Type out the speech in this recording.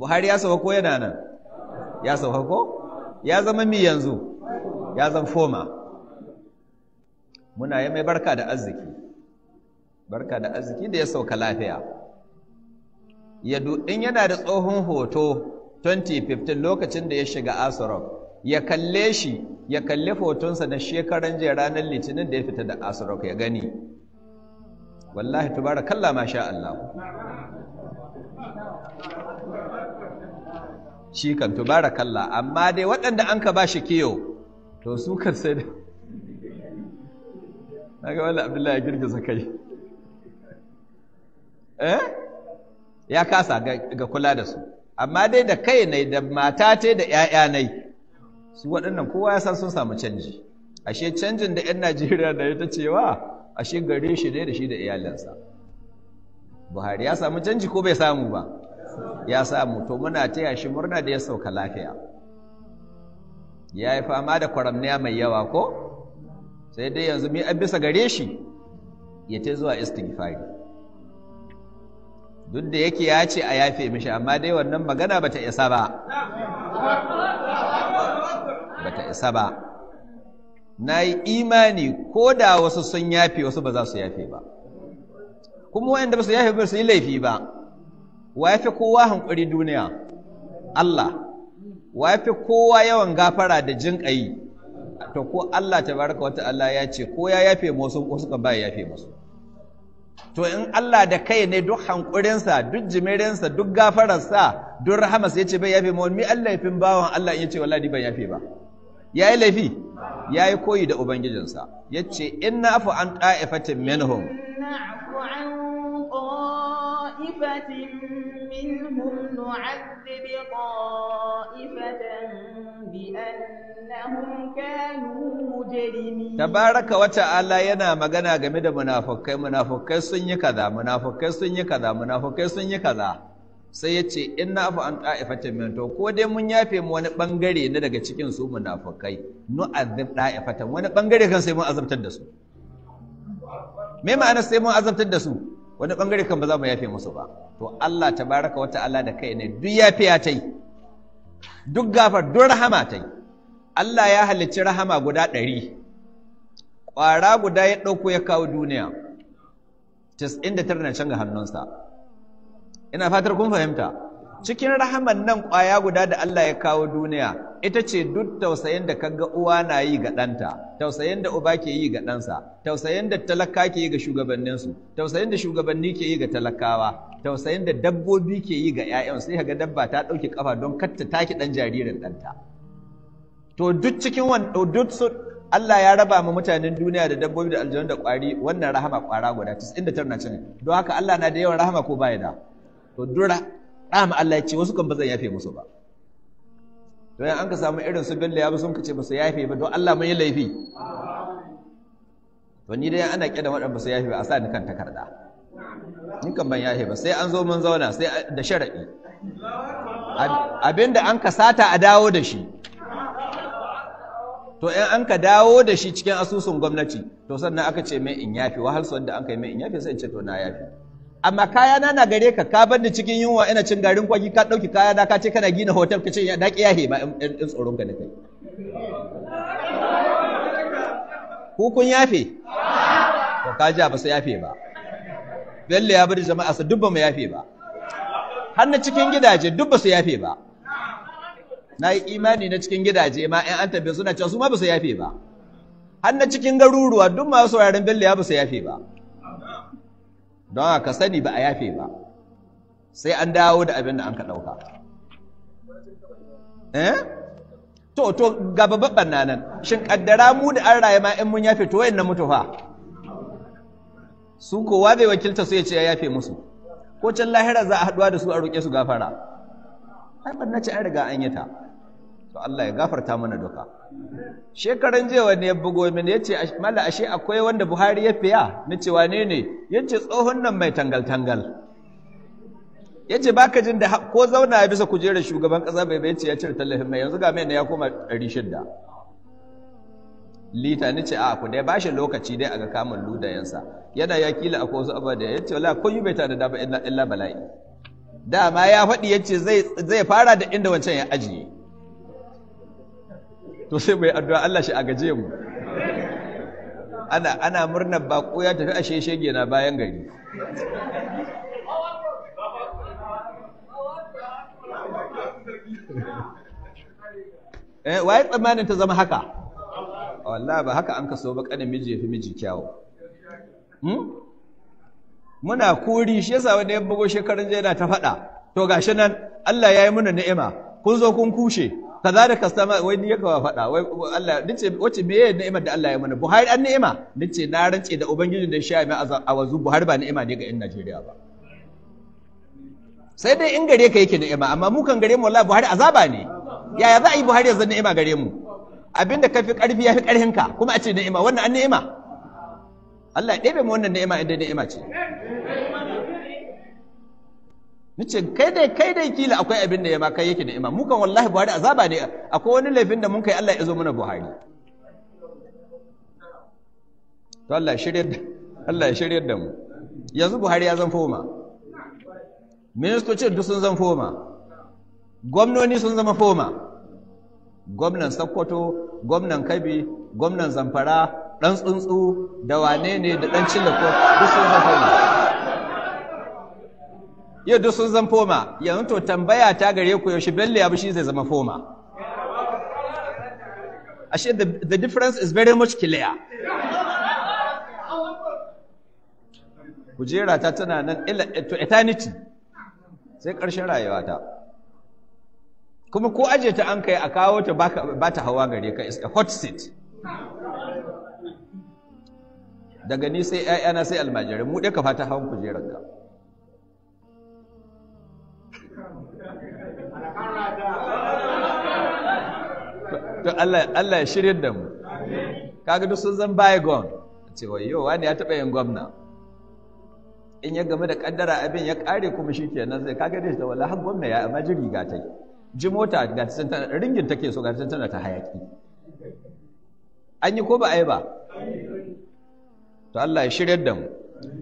buhari ya sauka ko yana nan ya sauka ko ya zama mi yanzu ya zama foma muna yi mai barka da arziki barka da arziki da ya sauka lafiya in yana da tsohon hoto 2015 lokacin da ya shiga asurok ya kalle shi ya kalli hotonsa na shekaran jiya ranar litinin da ya fita da asurok ya gani wallahi tubara kalla masha Allah shi kan kalla. amma dai waɗanda an ka ba shi kiyo to su kan sai da ga wala abdullahi ya girgiza kai eh ya kasa ga kula da su amma dai da kai ne da mata te da 'ya'ya nai. su waɗannan kowa ya san sun samu canji ashe canjin da 'yan najeriya da ya ta cewa ashe gare shi ne da shi da iyalinsa. buhari ya samu canji ko bai samu ba ya samu to muna taya shi murna da ya sauka lafiya ya yi fama da kwaramniya mai yawa ko sai dai yanzu mai an bisa gare shi ya ta zuwa istighfari duk da yake ya ce a yafe mishi amma dai wannan magana ta isa ba ta isa ba na yi imani ko da wasu sun yafe wasu ba za su yafe ba kuma wa'anda ba su yafe ba su yi laifi ba wa fi kowa hankuri duniya Allah wa fi kowa yawan gafara da jin ƙayi to ko Allah ta baraka wata Allah ya ce ko ya yafe musu ko suka ba ya yafe musu to in Allah da kai ne duk hankurinsa duk jimirinsa duk gafararsa duk rahamas ya ce bai yafe mi wani laifin bawan Allah ya ce wallahi bai yafe ba ya yi laifi ya yi koyi da ubangijinsa ya ce inna afu an ta'ifatin minhum نعفو عن طائفة منهم نعذب طائفة بأنهم كانوا مجرمين تبارك وتعالى ينا مغنى game منافق منافق munafukai يكذا منافق kaza يكذا منافق yi يكذا sai ya ce in na fa an ta'ifatin min to ko dai mun yafe mu wani bangare na daga cikin su munafukai nu azab ta'ifatan wani bangare kan sai mun azabtar da su me ma'ana sai mun azabtar da su wani bangare kan ba za mu yafe musu ba to Allah tabaraka wata Allah da kai ne duk yafe ta tai duk gafar duk rahama ta Allah ya halicci rahama guda ɗari ƙwara guda ya ɗauko ya kawo duniya tis da tara na can ga hannunsa ina fatar kun fahimta cikin rahaman nan ƙwaya guda da Allah ya kawo duniya ita ce duk tausayin da kaga uwa na yi ga ɗanta tausayin da uba ke yi ga ɗansa tausayin da talaka ke yi ga shugabanninsu tausayin da shugabanni ke yi ga talakawa tausayin da dabbobi ke yi ga 'ya'yan sai ga dabba ta ɗauki kafa don katta taki ɗan jaririn ɗanta to duk cikin wanda duk Allah ya raba ma mutanen duniya da dabbobi da aljanu da ƙwari wannan rahama ƙwara guda 99 don haka Allah na da yawan rahama ko baya da to duk ɗama Allah ya ce wasu kan ba zan yafe musu ba yan an ka samu irin su bello ya bi sun kace musu yafe ba don Allah mun yi laifi to ni dai ana kida waɗanda su yafe ba a sa ni kan takarda ni kan ban yafe ba sai an zo mun zauna sai da sharadi abinda an ka sata a dawo da shi to in an ka dawo da shi cikin asusun gwamnati to sannan aka ce mai in yafe, wahal wanda an kai mai in yafe sai in ce to na yafe. amma kayana na gare ka ka bar cikin yunwa ina cin garin kwaki ka ɗauki kayana ka ce kana gina hotel ka ce ya daƙi ya ma in tsoron ka da kai ku kun yafe ba ka ja ba su yafe ba bello ya bari jama'a su dubba mu yafe ba har na cikin gidaje dubba su yafe ba na yi imani na cikin gidaje ma 'yan antabe suna cewa su ma ba su yafe ba har na cikin garuruwa duk masu sauraron bello ya ba su yafe ba don haka sani ba a yafe ba sai an dawo da abin da an ka ɗauka eh to to ga babban nan shin kaddara mu da an raye ma in mun yafe to wayan na mutu fa su kowa bai wakilta su ya ce ya yafe musu ko can lahira za a haduwa da su a roƙe su gafara ai ban nace an riga an yi ta to Allah ya gafarta mana duka shekaran jiya wani ya bugo min ce mala ashe akwai wanda Buhari ya fiya ce wane ne ce tsohon nan mai tangal tangal Ya ba baka jin da ko zauna ya bisa kujerar shugaban ƙasa bai bai ce ya cire tallafin mai yanzu ga mai ne ya koma ɗari shida? lita ni ce a ku dai shi lokaci dai ga kamun ludayensa yana ya kila akwai wasu abuwa da ce wala ko yi bai da dama illa bala'i dama ya faɗi ya ce zai fara da inda wancan ya ajiye to sai mai addu'a Allah shi a gaje mu ana ana murnar bako ya tafi a shege na bayan gari eh waye tsammanin ta zama haka wallahi ba haka an kaso ba kanin miji yafi miji kyawu hmm? muna kuri shi yasa wani ya bugo shekarun jiya ta faɗa to gashi nan Allah ya yi muna ni'ima kun zo kun kushe kazalika sama wai ni yaka faɗa wai Allah nace wace meye ni'imar da Allah ya mana Buhari an ni'ima nace na rance da ubangiji da shi mai wazu Buhari ba ni'ima ne ga yan Najeriya ba sai dai in gare ka yake ni'ima amma mu kan gare mu wallahi Buhari azaba ne yaya za a yi Buhari ya zan ni'ima gare mu abinda ka fi karfi ya fi karhin ka kuma a ce ni'ima wannan an ni'ima Allah ya ɗebe mu wannan ni'ima inda ni'ima ce nace kai dai kai dai kila akwai abin da ya ma kai yake da mu mukan wallahi buhari azaba ne akwai wani laifin da mun kai Allah ya zo mana buhari to Allah shirye da Allah ya shirye da mu yanzu buhari ya zan foma ministoci duk sun zan foma gwamnoni sun zama foma gwamnan sokoto gwamnan kabi gwamnan zamfara dan tsuntsu da wane ne da dan cilako duk sun zama foma yau duk sun zan foma yanzu to tambaya ta gare ku yaushe bello ya bi shi zai zama foma ashe the, difference is very much clear kujera ta tana nan to eternity sai ƙarshen rayuwata kuma ko aje ta an kai a kawo ta ba ta hawa gare ka is a hot seat daga ni sai 'ya'yana sai almajirai mu ɗaya ka fata hawan kujerar ka to Allah Allah ya shirye da mu kaga duk sun zan gon? ce wayo wani ya taba yin gwamna in ya game da kaddara abin ya kare kuma shikenan sai kaga dai da wala har gwamna ya amma ji riga ta ji mota ga ta ringin take so ga tana ta hayaki an yi ko ba ai ba to Allah ya shirye da mu